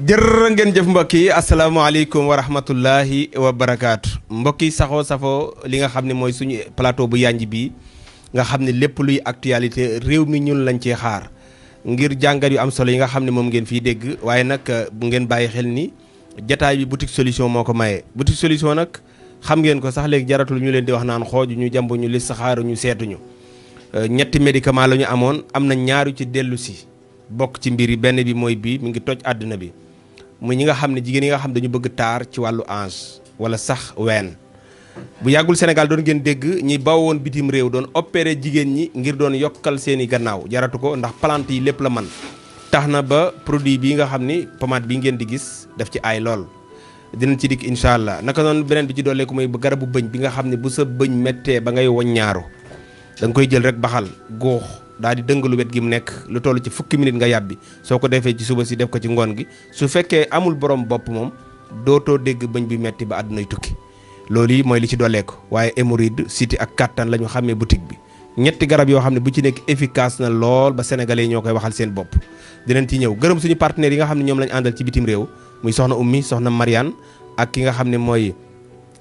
jërë ngeen jëf mbokk yi asalaamaaleykum wa rahmatullahi wa barakaatu mbokk yi saxoo safoo li nga xam ne mooy suñu plateau bu yànj bi nga xam ne lépp luy actualité réew mi ñun lañ cee xaar ngir jàngat yu am solo yi nga xam ne moom ngeen fiy dégg waaye nag bu ngeen bàyyi xel ni jataay bi boutique solution moo ko maye boutique solution nag xam ngeen ko sax léegi jaratul ñu leen di wax naan xooj ñu jàmb ñu li saxaaru ñu seetuñu euh, ñetti médicament la ñu amoon am na ñaaru ci dellu si bokk ci mbir yi benn bi mooy bii mu ngi toj àdduna bi mu ñi nga xam ne jigéen yi nga xam dañu bëgg taar ci wàllu ange wala sax ween bu yàggul Sénégal doon ngeen dégg ñi bawoon woon bitim réew doon opéré jigéen ñi ngir doon yokkal seen i gannaaw jaratu ko ndax plante yi lépp la man tax na ba produit bii nga xam ni pommade bi ngeen di gis def ci ay lool dina ci dikk incha allah naka noonu beneen bi ci dooleeku mooy bu garabu bëñ bi nga xam ne bu sa bëñ méttee ba ngay waññaaru ñaaru nga koy jël rek baxal góox daal di dëngalu wet gi mu nekk lu toll ci fukki minute nga yàbbi soo ko defee ci suba si def ko ci ngoon gi su fekkee amul borom bopp moom dootoo dégg bëñ bi metti ba àddunay tukki loolu yi mooy li ci dooleeku waaye hémorroïde siti ak kattan la ñu xàmmee boutique bi ñetti garab yoo xam ne bu ci nekk efficace na lool ba sénégalais yi ñoo koy waxal seen bopp dinañ ci ñëw gërëm suñu partenaires yi nga xam ne ñoom lañ àndal ci bitim réew muy soxna ummi soxna Mariane ak ki nga xam ne mooy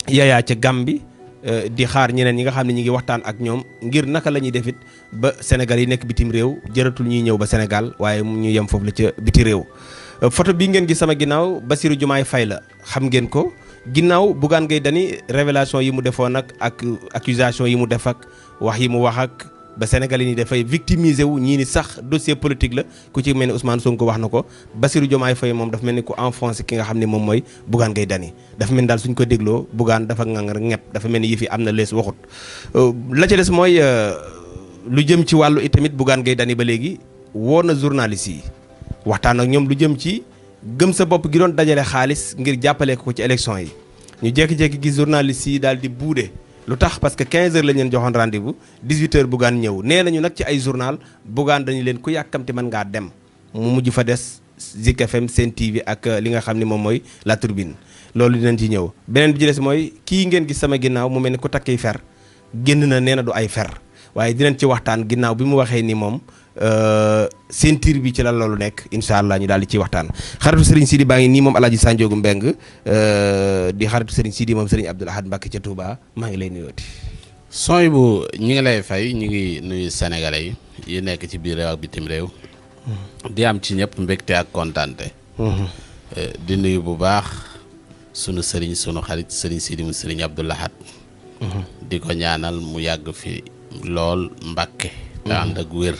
yayaa ca Gàmbi euh, di xaar ñeneen ñi nga xam ne ñi ngi waxtaan ak ñoom ngir naka la ñuy defit ba Sénégal yi nekk bitim réew jëratul ñuy ñëw ba Sénégal waaye mu ñu yem foofu la ca biti réew euh, photo bii ngeen gis sama ginnaaw Bassirou Diomaye fay la xam ngeen ko ginnaaw Bougane Gueye Dany révélation yi mu defoon ak ak accusation yi mu def ak wax yi mu wax ak ba Sénégal yi nii dafay victimiser wu ñii ni sax dossier politique la ku ci mel ni Ousmane Sonko wax na ko Bassirou Diomaye Faye moom dafa mel ni ku enfoncé ki nga xam ne moom mooy Bougane Gueye Dany dafa mel ni daal suñ ko dégloo Bougane dafa ngang rek ñepp dafa mel ni yëf am na lees waxut euh, la ca des mooy euh, lu jëm ci wàllu itamit Bougane Gueye Dany ba léegi woo na journaliste yi waxtaan ak ñoom lu jëm ci gëm sa bopp gi doon dajale xaalis ngir jàppale ko ci élection yi ñu jékki-jékki gis journaliste yi daal di buude lu tax parce que 15 heures lañ leen joxoon rendez-vous 18 heures ñëw nee nañu nag ci ay journal Bougane dañu leen ku yàkkamti mën ngaa dem mu mujj fa des Zik FM Sen TV ak euh, li nga xam ne moom mooy La Turbine loolu dinañ ci ñëw beneen bi ci des mooy kii ngeen gis sama ginnaaw mu mel ni ku takkiy fer génn na nee na du ay fer waaye dinañ ci waxtaan ginnaaw bi mu waxee ni moom seen tiir bi ci la loolu nekk incha allah ñu daal di ciy waxtaan xaritu Serigne Sidi baa ngi nii moom Alaaji Sanjoogu Mbeng euh, di xaritu Serigne Sidi moom Serigne Abdoul Ahad Mbacke ca Touba maa ngi lay nuyooti. bu ñu ngi lay fay ñu ngi nuyu sénégalais yi nekk ci biir réew ak mm-hmm. am ci ñëpp mbégte ak kontaante. Mm-hmm. Euh, nuyu bu baax sunu sëriñ sunu xarit sëriñ Sidi mu sëriñ Abdoul mm-hmm. di ko ñaanal mu yàgg fi lool Mbacke. te ànd ak wér.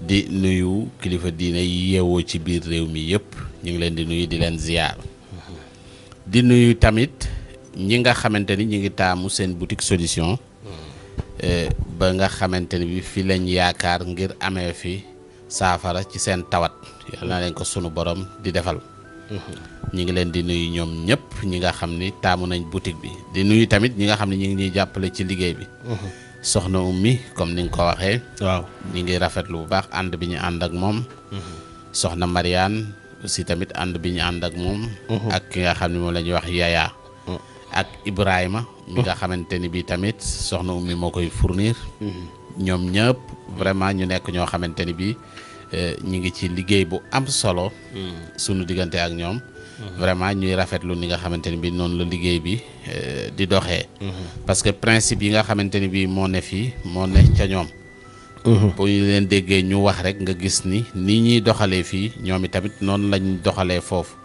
di nuyu kilifa diine yi yeewoo ci biir réew mi yëpp ñu ngi leen di nuyu di leen ziyaar di nuyu tamit ñi nga xamante ni ñu ngi taamu seen boutique solution eh, ba nga xamante ni bi fi lañ yaakaar ngir amee fi saafara ci seen tawat yal na leen ko sunu borom di defal ñi ngi leen di nuyu ñoom ñëpp ñi nga xam ni taamu nañ boutique bi di nuyu tamit ñi nga xam ne ñi ngi ñuy jàppale ci liggéey bi soxna ummi comme niñ ko waxee. waaw ñu ngi rafetlu bu baax ànd bi ñu ànd ak moom. Mm-hmm. soxna Mariane aussi tamit ànd bi ñu ànd ak moom. Mm-hmm. ak ki nga xam ne moom la ñuy wax Yaya. Mm. ak Ibrahima. mi nga mm. xamante ni bii tamit soxna ummi moo koy fournir. Mm-hmm. ñoom ñëpp vraiment ñu nekk ñoo xamante ni bii. Eh, ñi ngi ci liggéey bu am solo. Hmm. sunu diggante ak ñoom. Hmm. vraiment ñuy rafetlu ni nga xamante ni bi noonu la liggéey bi eh, di doxee. Hmm. parce que principe yi nga xamante ni bii moo ne fii moo ne ca ñoom. bu ñu leen déggee ñu wax rek nga gis ni ni ñuy doxalee fii ñoom i tamit noonu lañ doxalee foofu.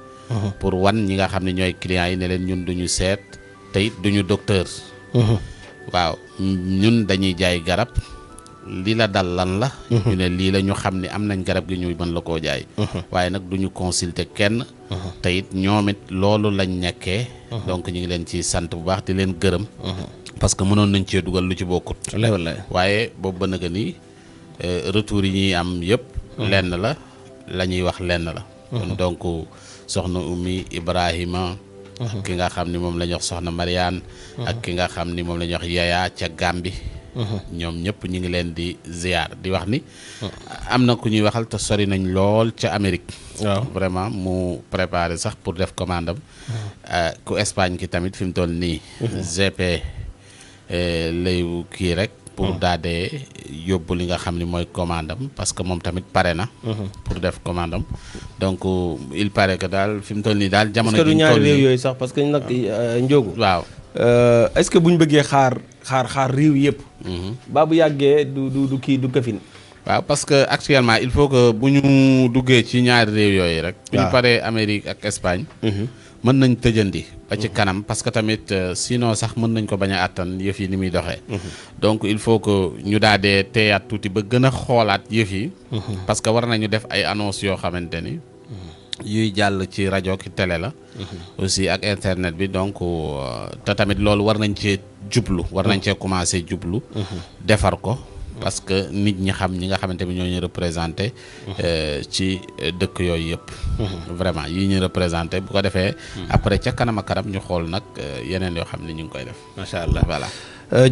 pour wan ñi nga xam ne ñooy clients yi ne leen ñun duñu seet te duñu docteur. waaw ñun dañuy jaay garab lii la dal lan la. Mhm. ñu ne lii la ñu xam ne am nañ garab gi ñu ban la koo jaay. Mhm. waaye nag duñu ñu kenn. Mhm. te it ñoom it loolu lañ nekkee. donc ñu ngi leen ci sant bu baax di leen gërëm. parce que mënoon nañ cee dugal lu ci bokkut. waaye boobu ba naka nii euh, retour yi ñuy am yëpp. lenn la la ñuy wax lenn la. donc soxna Oumy Ibrahima. ki nga xam ni moom la wax soxna Mariane. ak ki nga xam ni moom la ñuy wax Yaya ca Gàmbi ñoom ñëpp ñu ngi leen di ziar di wax ni. am na ku ñuy waxal te sori nañ lool ca Amérique. waaw vraiment mu préparé sax pour def commande am. Euh, ku Espagne ki tamit fi mu toll nii. GP euh, lay kii rek. pour daal de yóbbu li nga xam ni mooy commande parce que moom tamit pare na. pour def commande am donc euh, il paraît que daal fi toll nii daal. jamono ji que du ñaari yooyu sax parce que nag waaw est-ce bëggee xaar. xaar xaar réew yëpp. Mhm. baa bu yàggee du du du kii du këfin. waaw parce que actuellement il faut que bu ñu duggee ci ñaari réew yooyu rek. bu ñu paree Amérique ak Espagne. Mhm. mën nañ tëjandi. ba ci mhm. kanam parce que tamit euh, sinon sax mën nañ ko bañ a àttan yëf yi ni muy doxee. donc il faut que ñu daa dee teeyaat tuuti ba gën a xoolaat yëf yi. parce que war nañu def ay annonces yoo xamante ni. yuy jàll ci rajo ki tele la. Mhm. aussi ak internet bi donc euh, te tamit loolu war nañ cee jublu war nañ mhm. cee commencé jublu. Mhm. defar ko. parce que nit ñi xam ñi nga xamante ni ñoo ñu représenté. Euh, ci euh, dëkk yooyu yëpp. vraiment yi ñu représenté bu ko defee. après ca kanam kanam ñu xool nag yeneen yoo xam ne ñu ngi koy def. macha allah voilà.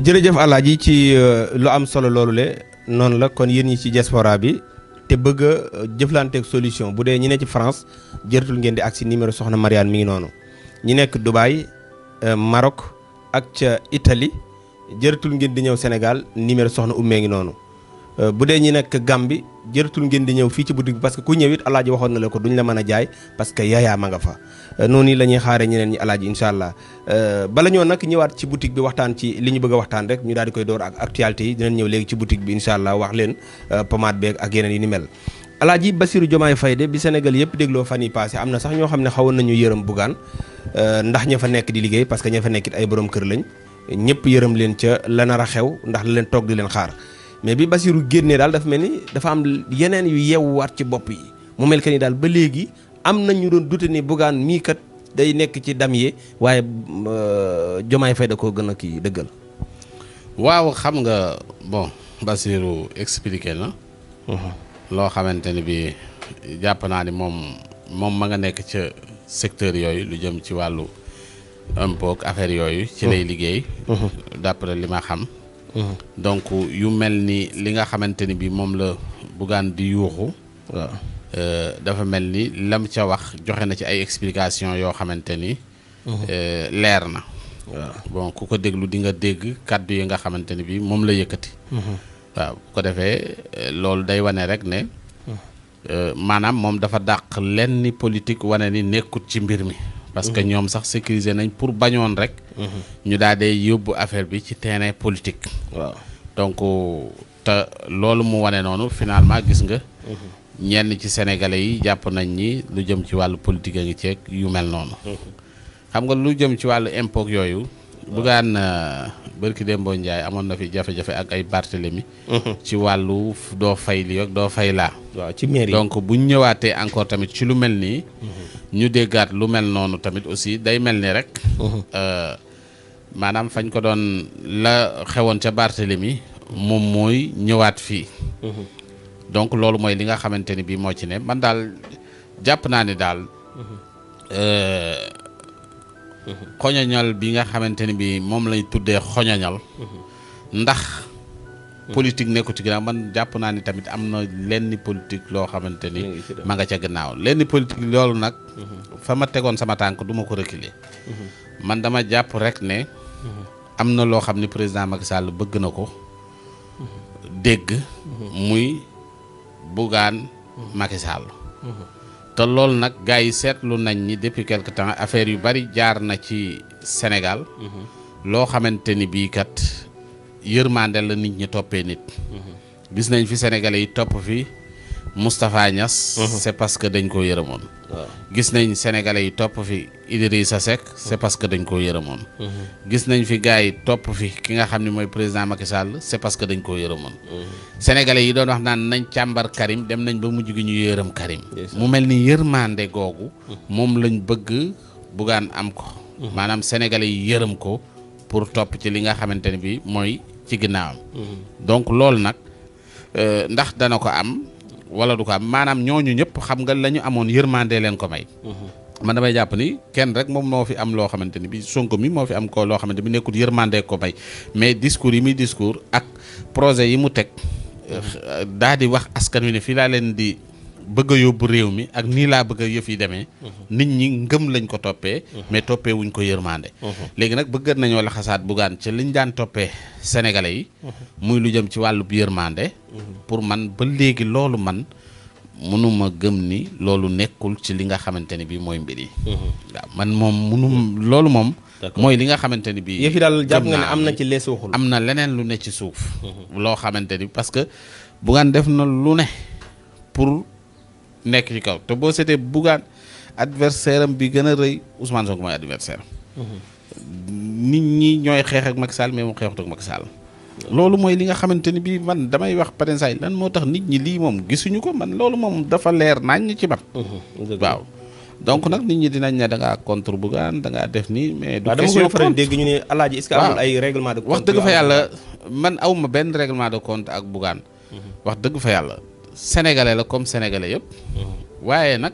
jërëjëf Alaaji ci lu am solo loolu le noonu la kon yéen ñi ci diaspora bi. te bëgg a euh, jëflanteeg solution bu dee ñi ne ci France jërtul ngeen di agsi numéro soxna Mariane mi ngi noonu ñi nekk Dubaï euh, Maroc ak ca Italie jërtul ngeen di ñëw Sénégal numéro soxna ummee ngi noonu Euh, bu dee ñi nekk gambi jërëtul ngeen di ñëw fii ci boutique bi parce que ku ñëw it alaaji waxoon na la ko duñ la mën a jaay parce que a ma nga fa euh, noonu la ñuy xaaree ñeneen ñi alaaji incha allah euh, bala ñoo nag ñëwaat ci boutique bi waxtaan ci li ñu bëgg waxtaan rek ñu daal di koy door ak actualité yi dinañ ñëw léegi ci boutique bi incha allah wax leen pomade beeg ak yi ni mel alaaji Bassirou Diomaye Sénégal yëpp dégloo fan yi passé am na sax ñoo xam ne xawoon nañu yërëm bugaan ndax ña fa nekk di liggéey parce que ña fa nekkit ay borom kër lañ ñëpp yërëm leen ca la nar a xew ndax la leen toog di leen xaar mais bi Basiru génnee daal dafa mel ni dafa am yeneen yu yeewuwaat ci bopp yi mu mel que ni daal ba léegi am na ñu doon dute ni Bougane mii kat day nekk ci dam yi waaye euh, Diomaye Faye da koo gën a kii dëggal. waaw xam nga bon Basiru expliqué na. Uh-huh. loo xamante ni bi jàpp naa ni moom moom ma nga nekk ca secteur yooyu lu jëm ci wàllu impôt affaire yooyu. ci lay uh-huh. liggéey. Uh-huh. d'après li ma xam. donc yu mel ni li nga xamante ni bi moom la Bougane di yuuxu waaw euh, dafa mel ni lam ca wax joxe na ci ay explication yoo xamante ni mhm. euh, leer na bon ku ko déglu di nga dégg kàddu yi nga xamante ni bi moom la yëkkati mhm. waaw bu ko defee euh, loolu day wane rek ne mhm. maanaam moom dafa dàq lenn politique wane ni nekkut ci mbir mi parce que ñoom sax sécuriser nañ pour bañoon rek ñu daal day yóbbu affaire bi ci terrain politique. waaw donc te loolu mu wane noonu finalement gis nga. Mhm. ñenn ci sénégalais yi jàpp nañ ñi lu jëm ci wàllu politique a ngi ceeg yu mel noonu. Mhm. xam nga lu jëm ci wàllu impôt yooyu. Bougane euh, bërki Dembo Ndiaye amoon na fi jafe-jafe ak ay Barthélemy mhm. ci wàllu doo fay lii ak doo fay laa. ci mairie donc bu ñëwaatee encore tamit ci lu mel nii. Mhm. ñu déggaat lu mel noonu tamit aussi day mel ni rek. Mhm. Euh, maanaam fañ ko doon la xewoon ca Barthélemy moom mooy ñëwaat fii. donc loolu mooy li nga xamante ni bii moo ci ne man daal jàpp naa ni daal. Euh, xoñoñal bi nga xamante ni bi moom lañ tuddee xoñoñal ndax politique nekku ci ginnaaw man jàpp naa ni tamit am na lenn politique loo xamante ni ma nga ca gannaaw lenn politique loolu nag fa ma tegoon sama tànk duma ko reculer man dama jàpp rek ne am na loo xam ni président Macky Sall bëgg na ko dégg muy Bougane Macky Sall te loolu nag gars yi seetlu nañ ni depuis quelque temps affaire yu bari jaar na ci Sénégal. Mm-hmm. loo xamante ni bii kat yërmande la nit ñi toppee nit. Mm-hmm. gis nañ fi sénégalais yi topp fii Moustapha Niass. Mhm. c'est parce que dañ koo yërëmoon. gis nañ sénégalais yi topp fi sa Seck c'est parce que dañ koo yërëmoon. Mhm. gis nañ fi gars yi topp fi ki nga xam ne mooy président Macky Sall c'est parce que dañ koo yërëmoon. Mhm. sénégalais yi doon wax naan nañ càmbar Karim dem nañ ba mujj gi ñu yërëm Karim. mu mel ni yërmande googu. moom lañ bëgg bugaan am ko. maanaam sénégalais yi yërëm ko pour topp ci li nga xamante ne bi mooy ci ginnaawam. donc loolu nag euh, ndax dana ko am. wala du ko am maanaam ñooñu ñëpp xam nga la ñu amoon yërmande leen ko may. Mhm. man damay jàpp ni kenn rek moom moo fi am loo xamante ni bi Sonko mi moo fi am ko loo xamante ni nekkul yërmande ko may mais discours yi muy discours ak projet yi mu teg mhm. euh, daa di wax askan wi ne fii laa leen di. bëgg a yóbbu réew mi ak nii laa bëgg a yëf yi demee mhm. nit ñi ngëm lañ ko toppee mhm. mais toppee wuñ ko yërmande mhm. léegi nag bëggat nañoo laxasaat buggaan ci liñ daan toppee sénégalais yi muy lu jëm ci wàllub yërmande pour man ba léegi loolu man mënuma gëm ni loolu nekkul ci li nga xamante ni bii mooy mbir yi waaw man moom mënum loolu moom mooy li nga xamante ni bii yëf yi daal jàpp nga ne am na ci lees waxul am na leneen lu ne ci suuf loo xamante ni parce que def na lu ne pour nekk ci kaw te boo seetee Bougane adversaire am bi gën a rëy Ousmane Sonko mooy adversaire nit ñi ñooy xeex ak Macky Sall mais moom xeexut ak Macky loolu mooy li nga xamante ni bii man damay wax parensaay lan moo tax nit ñi lii moom gisuñu ko man loolu moom dafa leer naañ nañ ci man mmh, mmh, waaw donc nag nit ñi dinañ ne da ngaa contre Bougane da ngaa def nii mais. du question faral dégg ñu ne alaaji est-ce que amul ay règlement de compte wax dëgg yàlla man awma benn règlement de compte ak Bougane mmh. wax dëgg fa yàlla. sénégalais la comme sénégalais yëpp. waaye nag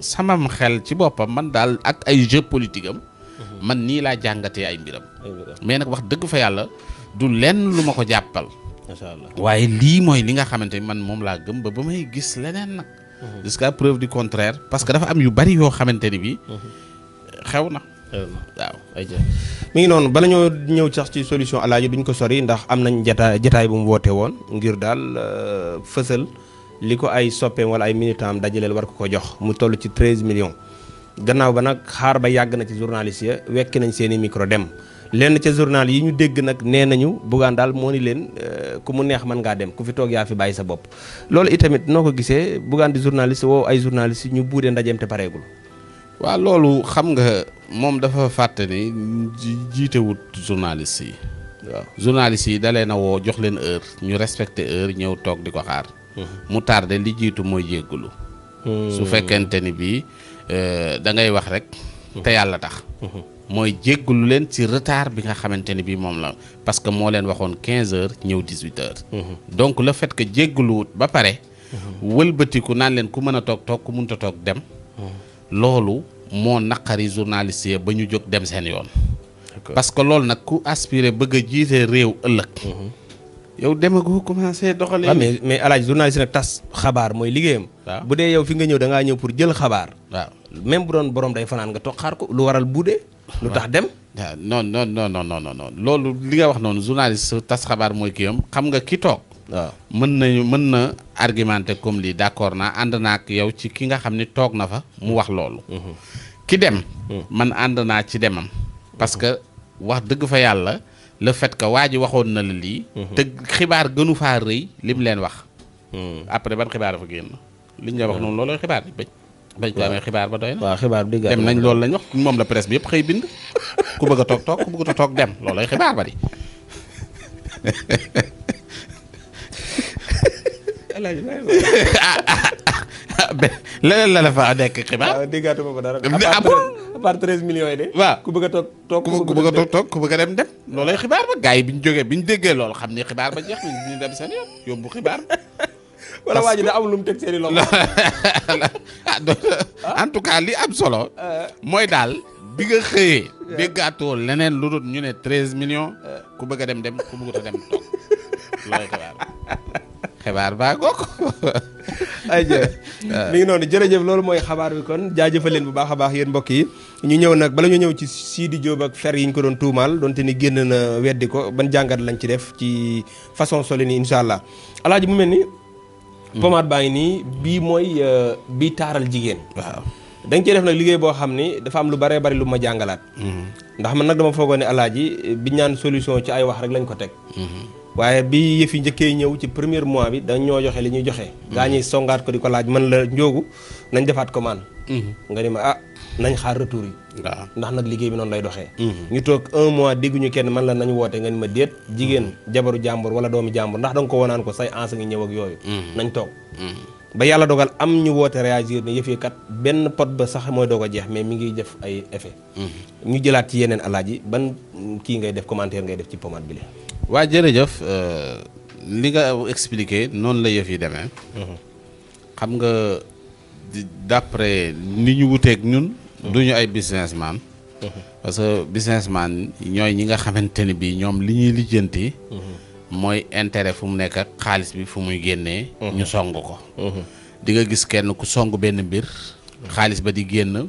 samam xel ci boppam man daal ak ay jeu politique am. man nii laa jàngatee ay mbiram. mais nag wax dëgg fa yàlla du lenn lu ma ko jàppal. macha waaye lii mooy li nga xamante ni man moom laa gëm ba ba may gis leneen nag. Mhm. jusqu'à preuve du contraire parce que dafa am yu bari yoo xamante ni bi mhm. xew na. Euh, waaw ayca mi ngi noonu bala ñoo ñëw sax ci solution alaaji duñ ko sori ndax am nañ jataay jataay bu mu woote woon ngir daal euh, fësal li ko ay soppeem wala ay militant am dajaleel war ko ko jox mu toll ci 13 million gannaaw ba nag xaar ba yàgg na ci journaliste ya wekki nañ seen i micro dem lenn ca journal yi ñu dégg nag nee nañu buggaan daal moo ni leen euh, ku mu neex mën ngaa dem ku fi toog yaa fi bàyyi sa bopp loolu itamit noo ko gisee buggaan di journaliste woo ay journaliste ñu buudee ndajeem pareegul waaw loolu xam nga moom dafa fàtte ni jiitewut journaliste yi. waaw journaliste yi dalee na woo jox leen heure ñu respecté heure ñëw toog di ko xaar. Mhm. mu tardé li jiitu mooy jéggulu su hmm. fekkente ni bii euh, da ngay wax rek. Mhm. te yàlla tax. Mhm. mooy jéggulu leen ci retard bi nga xamante ni bii moom la parce que moo leen waxoon quinze heures ñëw dix huit heures. donc la fait que ba pare. wëlbatiku naan leen ku mën a toog toog ku mënta toog dem. loolu moo naqari journaliste yi ba ñu jóg dem seen yoon. parce que loolu nag ku aspiré bëgg a jiite réew ëllëg. Mhm. yow demagoo commencé doxalee. waaw mais mais alaaj journaliste nag tas xabaar mooy liggéeyam. bu dee yow fi nga ñëw da ngaa ñëw pour jël xabaar. waaw même bu doon borom day fanaan nga toog xaar ko lu waral buudee. lu tax dem. non non non non non non loolu li nga wax noonu journaliste tas xabaar mooy kii xam nga ki toog. waaw mën nañu mën na argumenter comme lii d'accord naa ànd naa ak yow ci ki nga xam ni toog na fa mu wax loolu. Mhm. ki dem. Mhm. man ànd naa ci demam. parce que wax dëgg fa yàlla le fait que waa ji waxoon na la lii. Mhm. te xibaar gënu faa rëy mu leen wax. après ban xibaar dafa génn. liñ la wax noonu looloo xibaar bi bañ. bañ ko amee xibaar ba doy na. xibaar bi dem nañ loolu lañ wax moom la presse bi yëpp xëy bind. ku bëgg a toog toog ku bëgg a toog dem loolooy xibaar ba di. alaaji ah, ah, ah, leneen la la fa nekk xibaar. waaw déggaatuma ko dara. à part treize millions yi de. waaw ku bëgg toog toog ku bëgg a toog ku bëgg dem dem. loolay xibaar ba gars yi bi ñu jógee bi ñu déggee loolu xam ne xibaar ba jeex ñu dem seen yoon yóbbu xibaar. wala waa ji da am lu mu teg seen i loxo. en tout cas li am solo. Euh. mooy daal bi nga xëyee. déggaatoo leneen lu dul ñu ne treize million euh. ku bëgg dem dem ku bëggut a dem toog loolay xibaar. xabaar baa ngoog. ayca mi ngi noonu jërëjëf loolu mooy xabaar bi kon jaajëfal leen bu baax a baax yéen mbokk yi ñu ñëw nag bala ñu ñëw ci Sidi Diop ak fer yi ñu ko doon tuumaal donte ni génn na weddi ko ban jàngat lañ ci def ci façon soli ni incha allah alaaji bu mel ni. pommade baa ngi nii bii mooy euh, bii taaral jigéen. waaw da nga def nag liggéey boo xam ni dafa am lu baree bari lu ma jàngalaat. Mm-hmm. ndax man nag dama foogoo ne alaaji bi ñaan solution ci ay wax rek lañ ko teg. Mm-hmm. waaye bi yëf yi njëkkee ñëw ci première mois bi dañ ñoo joxe li ñuy joxe. gaa ñuy songaat ko di ko laaj man la njóogu nañ defaat commande. Mm-hmm. nga ni ma ah nañ xaar retour yi. ndax nag liggéey bi noonu lay doxee. Mm-hmm. ñu toog un mois dégguñu kenn man la nañ woote nga ma déet jigéen mm-hmm. jabaru jàmbur wala doomi jàmbur ndax danga ko wanaan ko say ansa ngi ak yooyu. nañ toog. ba yàlla dogal am ñu woote réagir ne yëf yi kat benn pot ba sax mooy doog a jeex mais mi ngi def ay effet. ñu jëlaat ci yeneen alaaji ban kii ngay def commentaire ngay def ci pomade bi la. waa jërëjëf euh, li nga expliqué noonu la yëf yi demee. Mhm. xam nga d'après ni ñu wuteeg ñun. Mhm. du ñu ay businessman. Mhm. parce que businessman ñooy ñi nga xamante ni bii ñoom li ñuy lijjanti. mooy intérêt fu mu nekk xaalis bi fu muy génnee. ñu song ko. di nga gis kenn ku song benn mbir. xaalis ba di génn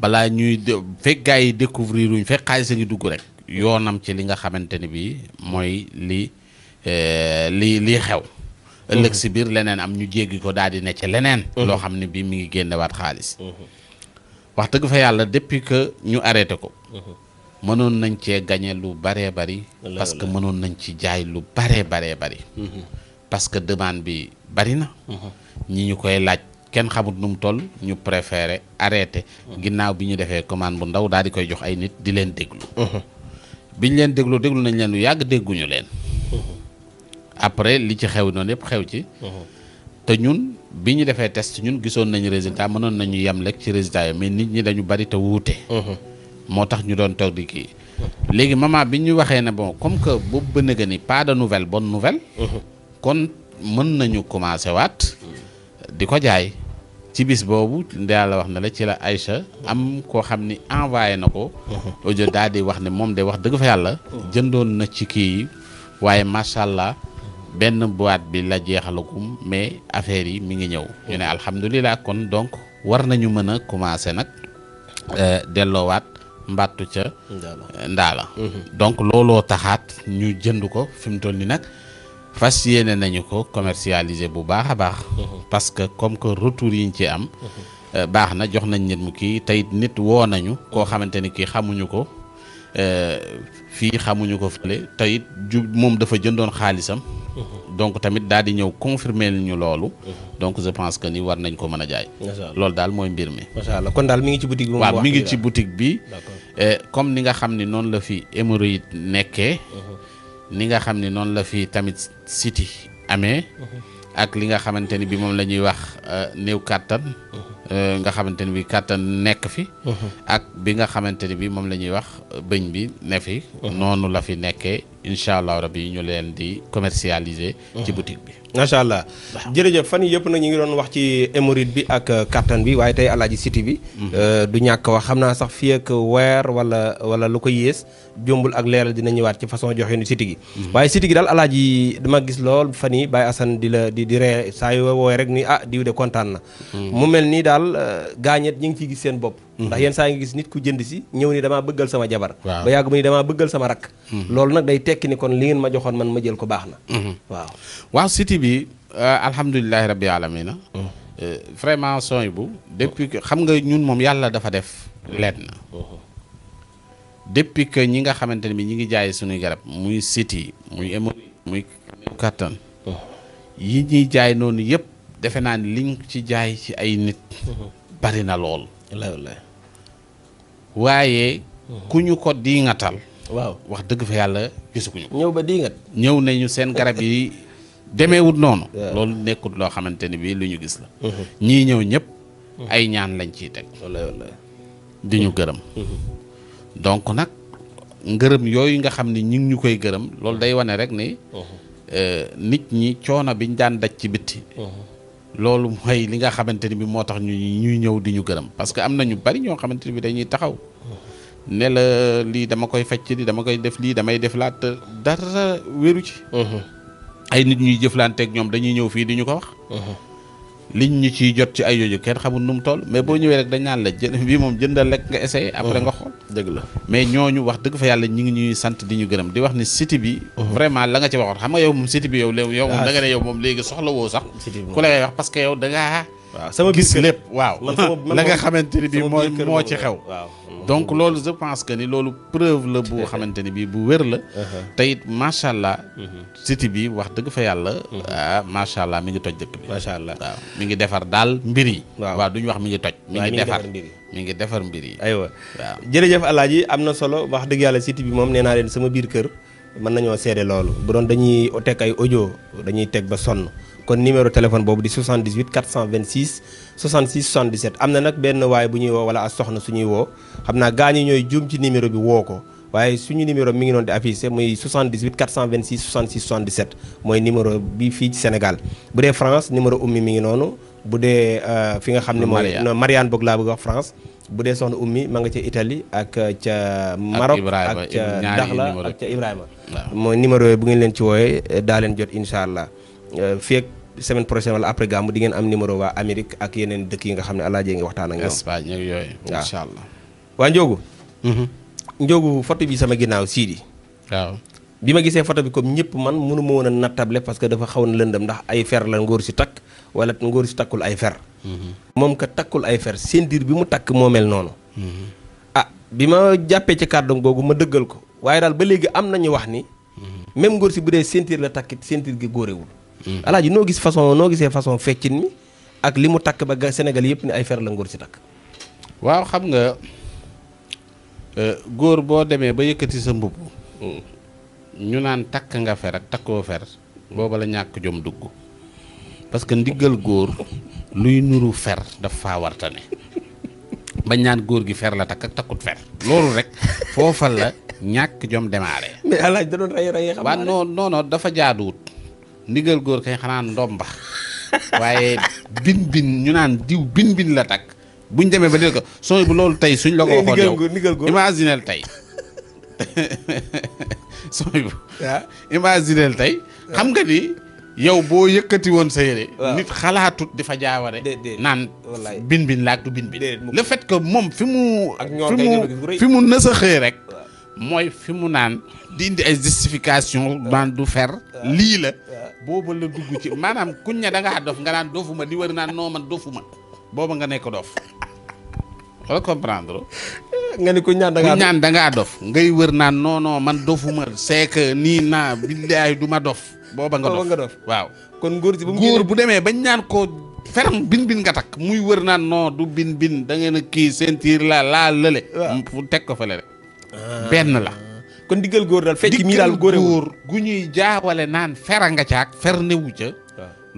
balaa ñuy fekk gars yi découvrir wuñ fekk xaalis a ngi dugg rek. yoonam ci li nga xamante ni bii mooy li eh, li lii xew. ëllëg si biir leneen am ñu jéggi ko daal di ne ci leneen. Mhm. loo xam ne bii mi ngi génnewaat xaalis. Mhm. wax dëgg fa yàlla depuis que ñu arrêté ko. Mhm. mënoon nañ cee gagné lu baree bari. parce que mënoon nañ ci jaay lu baree baree bari. parce que demande bi bari na. ñi ñu koy laaj kenn xamut nu mu toll ñu préféré arrêté. ginnaaw bi ñu defee commande bu ndaw daal di koy jox ay nit di leen déglu. biñ leen déglu déglu nañ leen lu yàgg dégguñu leen. Mm-hmm. après li ci xew noonu yëpp xew ci. Mm-hmm. te ñun bi ñu defee test ñun gisoon nañu résultat mënoon nañu yem rek ci résultat yi mais nit ñi dañu bari te wuute. Mm-hmm. moo tax ñu doon toog di kii. léegi maman bi ñu waxee ne bon comme que boobu ba nëgë ni pas de nouvelle bonne nouvelle. kon mën nañu commencé waat. Mm. di ko jaay. ci bis boobu yàlla wax na la ci la Aïcha am koo xam ni envoyé na ko. Mhm. audio daal di wax ne moom de wax dëgg fa yàlla. Mhm. jëndoon na ci kii yi waaye macha allah benn boîte bi la jeexalagum mais affaire yi mi ngi ñëw. ñu ne alhamdulilah kon donc war nañu mën a commencé nag euh, delloowaat mbàttu ca. Ndaala mhm. donc looloo taxaat ñu jënd ko fi mu nag. fas yéene nañu ko commercialiser bu baax a baax. Mhm. parce que comme que retour yi ñu ci am. Euh, baax na jox nañ nit mu kii tey nit woo nañu koo xamante ni kii xamuñu ko euh, fii xamuñu ko fële tey ju moom dafa jëndoon xaalisam. Mhm. donc tamit daal di ñëw confirmer ñu loolu. Mhm. donc je pense que ni war nañ ko mën a jaay. loolu daal mooy mbir mi. macha allah kon daal mi ngi ci boutique bi. Euh, comme ni nga xam ni noonu la fi hémorroïde nekkee. ni nga xam ne noonu la fi tamit siti amee ak li nga xamante ni bi moom la ñuy wax euh, néew kàttan euh, nga xamante ni bi kàttan nekk fi ak bi nga xamante ni bi moom la ñuy wax euh, bëñ bi ne fi uh-huh. noonu la fi nekkee incha allah rabi ñu leen di commercialiser ci uh-huh. boutique bi macha allah jërëjëf fan yii yëpp nag ñu ngi doon wax ci hémorroïde bi ak euh, kattan bi waaye tey alaaji siti bi. Mhm. Euh, du ñàkk wax xam naa sax fi ak weer wala wala lu ko yées jombul ak leeral dina ñëwaat ci façon joxinu siti gi. Mhm. waaye siti gi daal alaaji dama gis lool fan yi Baye Assane di la di di ree saa yoo woowee rek nii ah diw kontaan na. Mhm. mu mel nii daal euh, gaañet ñu ngi ciy gis seen bopp. ndax yenn saa ngi gis nit ku jënd si ñëw ni damaa bëggal sama jabar ba yàgg mu ni damaa bëggal sama rakk mhm. loolu nag day tekki ni kon li ngeen ma joxoon man ma jël ko baax na mhm. waaw waaw siti bi euh, alhamdulilahi rabbi alamina mhm. euh, vraiment son bu depuis que xam nga ñun moom yàlla dafa def leen na depuis que ñi nga xamante ne bi ñi ngi jaay suñuy garab muy siti muy émori muy kattan yi ñuy jaay noonu yëpp defe naa ni liñ ci jaay ci ay nit bari na lool. waaye ku ñu ko diingatal waaw wax dëgg fa yàlla gisaguñu ko ñëw ba diingat ñëw nañu seen garab yi demeewut noonu loolu nekkut loo xamante ni bii lu ñu gis la mhm. ñii ñëw ñëpp ay ñaan lañ ci teg di ñu gërëm mhm. donc nag ngërëm yooyu nga xam ni ñi ñu koy gërëm loolu day wane rek ni mhm. euh, nit ñi coono biñ daan daj ci bitti loolu mooy li nga xamante ni bi moo tax ñu ñuy ñëw di ñu gërëm parce que am na ñu bari ñoo xamante ni bi dañuy taxaw ne la lii dama koy fecc li dama koy def lii damay def laat dara wéru ci mm-hmm. ay nit ñuy ak ñoom dañuy ñëw fii di ñu ko wax mm-hmm. liñ ñu ci jot ci ay yooyu kenn xamul nu mu toll mais boo ñëwee rek dañ naan la jë bii moom jëndal lekk nga essayé après nga xool dëgg la mais ñooñu wax dëgg fa yàlla ñi ngi ñuy sant di ñu gërëm di wax ni cité bi uh-huh. vraiment la nga ci waxoon xam nga yow moom cité bi yow léegi yow moom ah, da nga ne yow moom léegi soxla woo sax ku lay wax parce que yow da ngaa gis lépp waaw la nga xamante ni bi mooy moo ci xew donc loolu je pense que ni loolu preuve la bu xamante ni bii bu wér la. Uh-huh. te it macha allah. Uh-huh. cité bi wax dëgg fa yàlla. ah macha allah mi ngi toj dëkk bi. macha allah waaw mi ngi defar daal mbir yi. waaw du ñu wax mi ngi toj. mi ngi defar mbir yi mi ngi defar mbir yi. aywa waaw jërëjëf alaaji am na solo wax dëgg yàlla cité bi moom nee naa leen sama biir kër mën nañoo seede loolu bu doon dañuy teg ay ojo dañuy teg ba sonn. kon numéro téléphone boobu di 78 426 66 77 am na nag benn waay bu ñuy woo wala as soxna suñuy woo xam naa gaa ñi ñooy juum ci numéro bi woo ko waaye suñu numéro mi ngi noonu di affiché muy 78 426 66 77 mooy numéro bi fii ci Sénégal bu dee France numéro ummi mi ngi noonu bu dee euh, fi nga xam ne mooy Marianne boog laa bëgg wax France bu dee soxna ummi ma nga ca Italie ak euh, ca Maroc ak ca Daxla ak ca Ibrahima mooy numéro yooyu bu ngeen leen ci wooyee euh, daa leen allah Euh, fii ak semaine prochaine wala après gàmmu di ngeen am numéro waa Amérique ak yeneen dëkk yi nga xam ne alaajee ngi waxtaan ak ñoom. Espagne ak yooyu. allah waaw waa Ndiogu. Mhm. Ndiogu photo bi sama ginnaaw Sidi. waaw bi ma gisee photo bi comme ñëpp man mënu ma woon a nattable parce que dafa xaw na lëndam ndax ay fer la ngóor si takk wala ngóor si takkul ay fer. Mhm. moom ka takkul ay fer seen bi mu takk moo noonu. Mhm. ah bi ma jàppee ci kàddoom googu ma dëggal ko waaye daal ba léegi am nañu wax ni. même ngóor si bu dee ceinture la takkit ceinture gi góorewul Mhm. alaaji noo gis façon noo gisee façon feccin mi ak li mu takk ba senegal yëpp ni ay fer la ngóor si takk waaw xam nga euh, góor boo demee ba yëkkati sa mbubb ñu naan takk nga fer ak takkoo fer booba la ñàkk jom dugg parce que ndiggal góor luy nuru fer daf faa wartane bañ naan góor gi fer la takk ak takkut fer loolu rek foofa la ñàkk jom démarré mais alaaj da doon rey rey xam waa dafa jaaduwut ndigal góor kay xanaa ndomba waaye bin bin ñu naan diw bin bin la takk buñ demee ba dégg ko sooy bu loolu tey suñ la ko waxoon yow ndigal tey xam nga ni yow boo yëkkati woon sa yére nit xalaatut di fa jaaware naan bin bin laak du bin bin le fait que moom fi mu fi mu fi mu nësaxee rek mooy fi mu naan di indi ay justification man du fer lii la booba la dugg ci maanaam kuñ ne da ngaa dof nga naan dofuma di wër naan noo man dofuma booba nga nekk dof wala nga ni ku ñaan da ñaan da dof ngay wër naan non man dofuma c'est que nii naa billaay du ma dof. booba nga dof dof waaw. kon ngóor si bu góor bu demee bañ ñaan ko feram bin bin nga takk muy wër naan non du bin bin da ngeen a kii sentir la laa lële. waaw teg ko fa lële. benn la. kon diggal góor daal fecc mii daal góor góor gu ñuy jaawale naan fera nga caak fer newu ca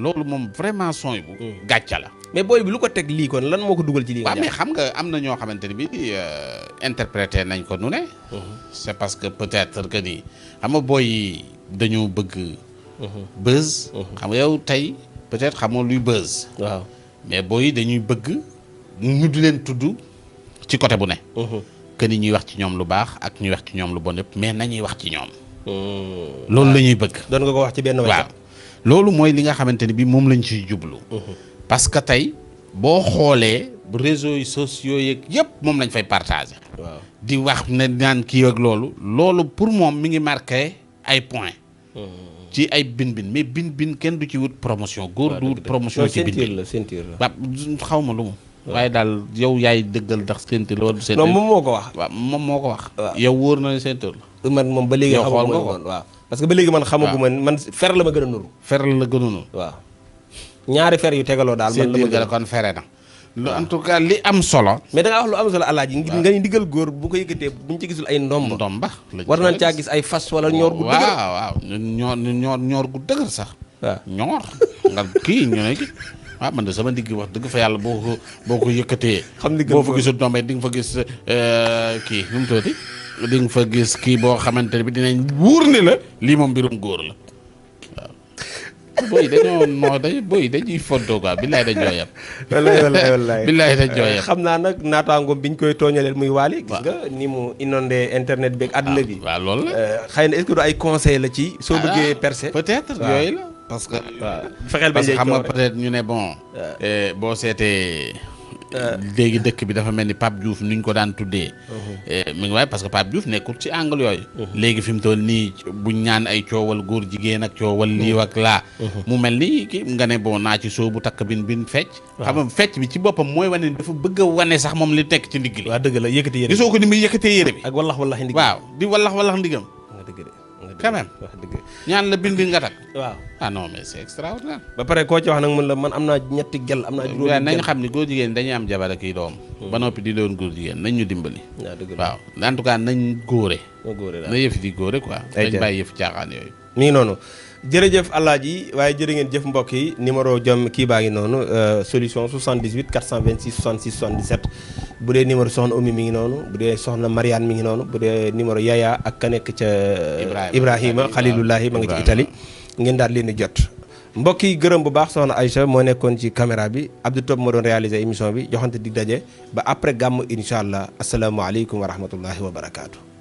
loolu moom vraiment son bu hmm. gàcca la mais booy bi lu ko teg lii kon lan moo ko dugal ci lii waaw xam nga am na ñoo xamante ni bi euh, interprété nañ ko nu ne hmm. c'est parce que peut-être que ni xam nga booy yi dañoo bëgg hmm. buzz xam nga yow tey peut-être xamoo luy buzz mais booy yi dañuy bëgg ñu di leen tudd ci côté bu ne que ni ñuy wax ci ñoom lu baax ak ñuy wax ci ñoom lu bon yëpp mais nañuy wax ci ñoom. Hmm. loolu la ah. ñuy bëgg. doon nga ko wax ci benn waaw loolu mooy li nga xamante ni bi moom lañu ciy jublu. Mm-hmm. parce que tey boo xoolee réseau yi sociaux yeeg yëpp moom lañ fay partager. waaw di wax ne naan kii ak loolu. loolu pour moom mi ngi marqué ay points. Mm-hmm. ci ay bin bin mais bin bin kenn du ci wut promotion. góor du wut promotion ci bin bin la ceinture la. xaw ma lu mu. waaye daal yow yaay dëggal ndax séentu la wala du séentu la. non moom moo ko wax. waaw moom moo ko wax. yow wóor na ne séentu tool man moom ba léegi xamaguma ko woon waaw parce que ba léegi man xamagu ma man fer la ma gën a nuru. fer la gën a waaw ñaari fer yu tegaloo daal. man la ma gën a kon fere na. lu li am solo. mais da ngaa wax lu am solo alaaji. waaw nga ni ndigal góor bu ko yëkkatee buñ ci gisul ay ndomba. ndomba war nañ caa gis ay fas wala ñoor gu dëgër. waaw waaw ñoor ñoor ñoor gu sax. waaw ñoor nga kii ah man de sama ndigg wax dëgg fa yàlla boo ko boo ko yëkkatee. xam ni boo fa gisul tombé di nga fa gis euh, kii nu mu tuddati fa gis kii boo xamante ne bi dinañ wóor ne la lii moom mbirum góor la waaw. booy dañoo noo dañuy booy dañuy foddoo quoi billaay dañoo yem. wallaay wallaay billaay dañoo yem. xam naa nag naataangoom biñ koy tooñaleel muy waali. gis nga ni mu inondé internet beeg àdduna ah, bi. waa lool loolu la. Euh, xëy na est ay conseil la ci. soo ah, bëggee percer peut-être la. parce que. Euh, fexeel ba que xam nga peut-être ñu ne bon. Euh, boo seetee. léegi dëkk bi dafa mel ni pap Diouf ni ñu ko daan tuddee. Uh-huh. Euh, mi ngi waaye parce que Pape Diouf nekkul ci angle yooyu. Uh-huh. léegi fi mu toll nii buñ ñaan ay coowal góor jigéen ak coowal uh-huh. lii ak laa. mu mel ni ki nga ne bon naa ci bu takk bin bin fecc. xam nga fecc bi ci boppam mooy wane ni dafa bëgg wane sax moom li tekk ci ndigg li. waaw dëgg la yëkkati yére bi gisoo ko ni muy yëkkatee yére bi. ak wallax wallax ndigam di wallax quand même wax dëgg ñaan la bind nga tak waaw ah non mais ba pare koo ci wax nag man la man am naa ñetti gel am naa juróomi gel nañ xam ni góor jigéen dañuy am jabar ak doom hmm. ba noppi di doon góor jigéen nañ ñu dimbali waaw en tout cas nañ góore na yëf di góore quoi dañ bàyyi yëf caaxaan yooyu mi ngi noonu jërëjëf ji waaye jërë ngeen jëf mbokk yi numéro jom kii baa ngi noonu euh, solution 78 426 66 77 bu dee numéro soxna Oumy mi ngi noonu bu dee soxna Mariane mi ngi noonu bu dee numéro Yaya ak ka nekk ca euh, Ibrahima Khalilullahi ma nga ci Italie ngeen daal leen di jot mbokk yi gërëm bu baax soxna Aïcha moo nekkoon ci caméra bi Abdou Top moo doon réaliser émission bi joxante di daje ba après gàmm incha allah asalaamaaleykum wa rahmatullahi wa barakaatu